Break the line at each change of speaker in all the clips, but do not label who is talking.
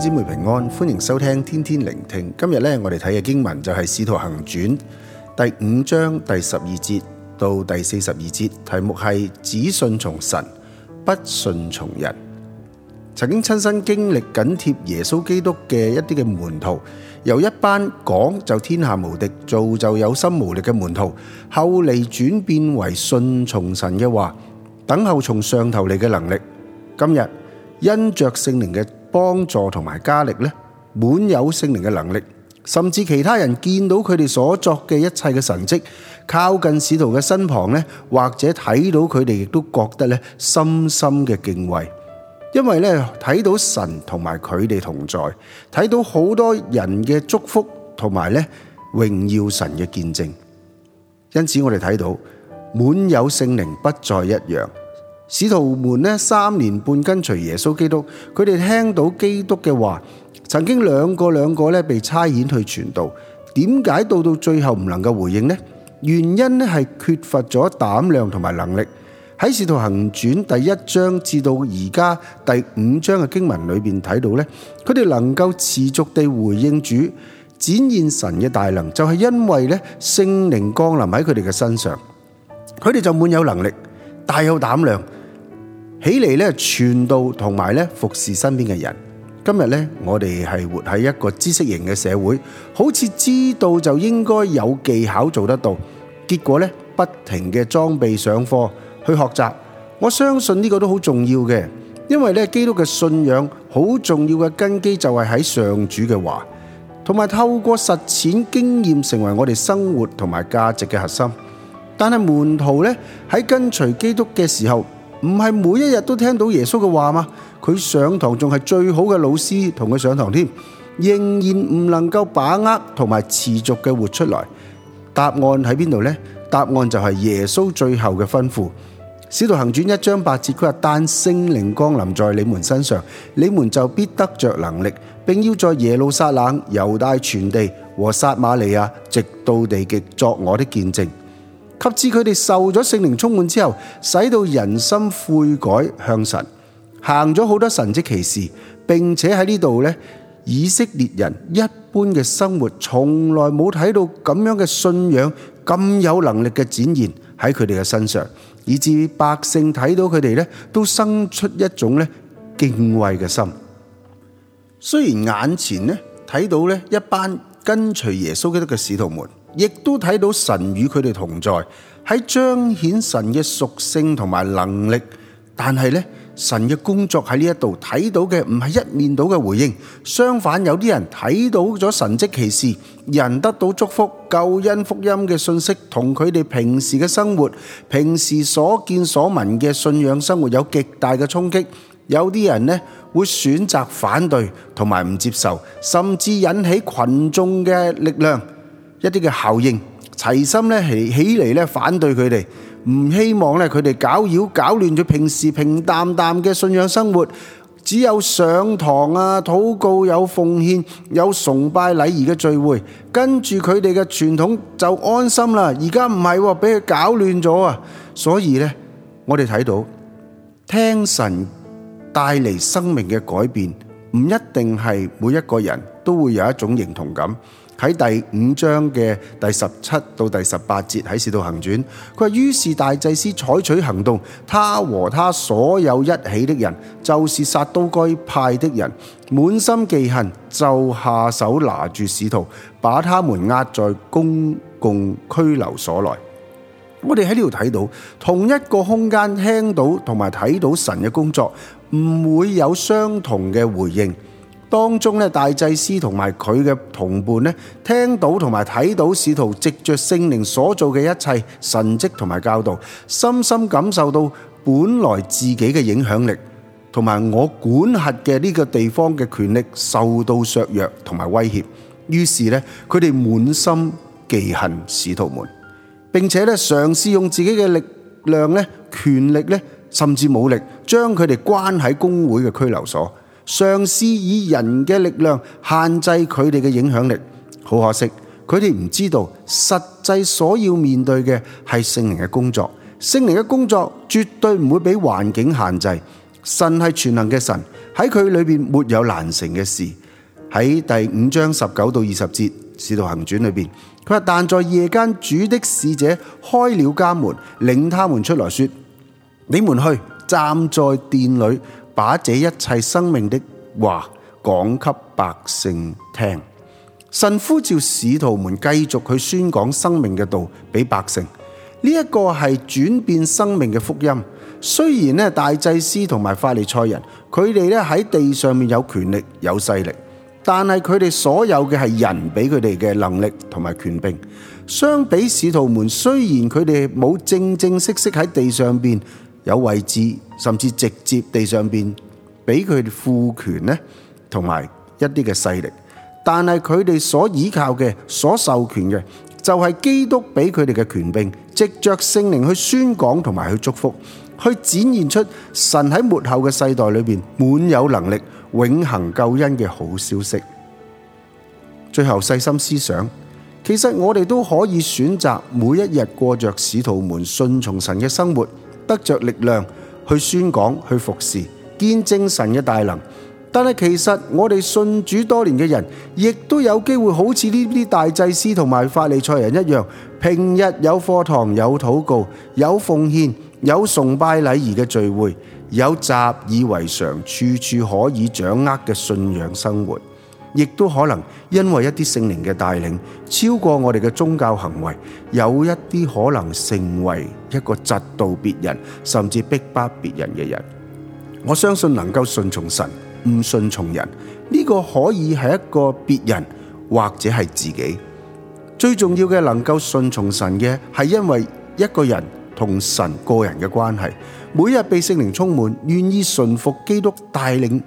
姊妹平安，歡迎收聽天天靈聽。今日咧，我哋睇嘅經文就係《使徒行傳》第五章第十二節到第四十二節，題目係只順從神，不順從人。曾經親身經歷緊貼耶穌基督嘅一啲嘅門徒，由一班講就天下無敵，做就有心無力嘅門徒，後嚟轉變為順從神嘅話，等候從上頭嚟嘅能力。今日因着聖靈嘅幫助同埋加力咧，滿有聖靈嘅能力，甚至其他人見到佢哋所作嘅一切嘅神蹟，靠近使徒嘅身旁咧，或者睇到佢哋亦都覺得咧深深嘅敬畏，因為咧睇到神同埋佢哋同在，睇到好多人嘅祝福同埋咧榮耀神嘅見證，因此我哋睇到滿有聖靈不再一樣。使徒們咧三年半跟隨耶穌基督，佢哋聽到基督嘅話，曾經兩個兩個咧被差遣去傳道，點解到到最後唔能夠回應呢？原因咧係缺乏咗膽量同埋能力。喺《使徒行傳》第一章至到而家第五章嘅經文裏邊睇到咧，佢哋能夠持續地回應主，展現神嘅大能，就係因為咧聖靈降臨喺佢哋嘅身上，佢哋就滿有能力，大有膽量。起嚟咧，傳道同埋咧服侍身邊嘅人。今日咧，我哋係活喺一個知識型嘅社會，好似知道就應該有技巧做得到。結果咧，不停嘅裝備上課去學習。我相信呢個都好重要嘅，因為咧，基督嘅信仰好重要嘅根基就係喺上主嘅話，同埋透過實踐經驗成為我哋生活同埋價值嘅核心。但係門徒咧，喺跟隨基督嘅時候，唔係每一日都聽到耶穌嘅話嘛？佢上堂仲係最好嘅老師，同佢上堂添，仍然唔能夠把握同埋持續嘅活出來。答案喺邊度呢？答案就係耶穌最後嘅吩咐，《使徒行傳》一章八節，佢話：但聖靈降臨在你們身上，你們就必得著能力，並要在耶路撒冷、猶大全地和撒瑪利亞，直到地極，作我的見證。及至佢哋受咗聖靈充滿之後，使到人心悔改向神，行咗好多神跡奇事，並且喺呢度咧，以色列人一般嘅生活，從來冇睇到咁樣嘅信仰咁有能力嘅展現喺佢哋嘅身上，以至百姓睇到佢哋咧，都生出一種咧敬畏嘅心。雖然眼前咧睇到咧一班跟隨耶穌基督嘅使徒們。亦都睇到神與佢哋同在，喺彰顯神嘅屬性同埋能力。但係咧，神嘅工作喺呢一度睇到嘅唔係一面倒嘅回應，相反有啲人睇到咗神蹟奇事，人得到祝福、救恩、福音嘅信息，同佢哋平時嘅生活、平時所見所聞嘅信仰生活有極大嘅衝擊。有啲人咧會選擇反對同埋唔接受，甚至引起群眾嘅力量。一啲嘅效應，齊心咧起起嚟咧反對佢哋，唔希望咧佢哋搞擾、搞亂咗平時平淡淡嘅信仰生活。只有上堂啊、禱告、有奉獻、有崇拜禮儀嘅聚會，跟住佢哋嘅傳統就安心啦。而家唔係喎，俾佢搞亂咗啊！所以咧，我哋睇到聽神帶嚟生命嘅改變，唔一定係每一個人都會有一種認同感。喺第五章嘅第十七到第十八節，喺使徒行傳，佢話於是大祭司採取行動，他和他所有一起的人，就是撒都該派的人，滿心忌恨，就下手拿住使徒，把他們押在公共拘留所內。我哋喺呢度睇到，同一個空間聽到同埋睇到神嘅工作，唔會有相同嘅回應。當中，大祭司和他的同伴聽到和看到使徒藉著聖靈所做的一切、神蹟和教導，深深感受到本來自己的影響力,和我管轄的這個地方的權力受到削弱和威脅。於是他們滿心忌恨使徒們，並且嘗試用自己的力量、權力、甚至武力，將他們關在公會的拘留所。嘗試以人嘅力量限制佢哋嘅影響力，好可惜，佢哋唔知道實際所要面對嘅係聖靈嘅工作。聖靈嘅工作絕對唔會俾環境限制，神係全能嘅神，喺佢裏邊沒有難成嘅事。喺第五章十九到二十節《使徒行傳》裏邊，佢話但在夜間，主的使者開了監門，領他們出來說：你們去，站在殿裏。把這一切生命的話講給百姓聽，神呼召使徒們繼續去宣講生命嘅道俾百姓。呢一個係轉變生命嘅福音。雖然咧大祭司同埋法利賽人，佢哋咧喺地上面有權力有勢力，但係佢哋所有嘅係人俾佢哋嘅能力同埋權柄。相比使徒們，雖然佢哋冇正正式式喺地上邊。有位置，甚至直接地上邊俾佢哋賦權呢，同埋一啲嘅勢力。但係佢哋所依靠嘅、所授權嘅，就係基督俾佢哋嘅權柄，藉着聖靈去宣講同埋去祝福，去展現出神喺末後嘅世代裏邊滿有能力、永恆救恩嘅好消息。最後細心思想，其實我哋都可以選擇每一日過着使徒們順從神嘅生活。得着力量去宣講、去服侍、見證神嘅大能，但係其實我哋信主多年嘅人，亦都有機會好似呢啲大祭司同埋法利賽人一樣，平日有課堂、有禱告、有奉獻、有崇拜禮儀嘅聚會，有習以為常、處處可以掌握嘅信仰生活。亦都可能因為一啲聖靈嘅帶領，超過我哋嘅宗教行為，有一啲可能成為一個嫉妒別人，甚至逼迫別人嘅人。我相信能夠順從神，唔順從人呢個可以係一個別人或者係自己。最重要嘅能夠順從神嘅，係因為一個人同神個人嘅關係，每日被聖靈充滿，願意順服基督帶領。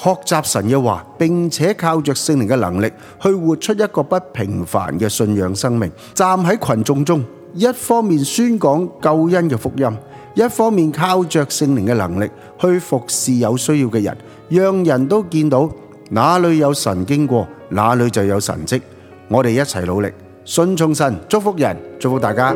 學習神嘅話，並且靠着聖靈嘅能力去活出一個不平凡嘅信仰生命，站喺群眾中，一方面宣講救恩嘅福音，一方面靠着聖靈嘅能力去服侍有需要嘅人，讓人都見到哪裏有神經過，哪裏就有神蹟。我哋一齊努力，順從神，祝福人，祝福大家。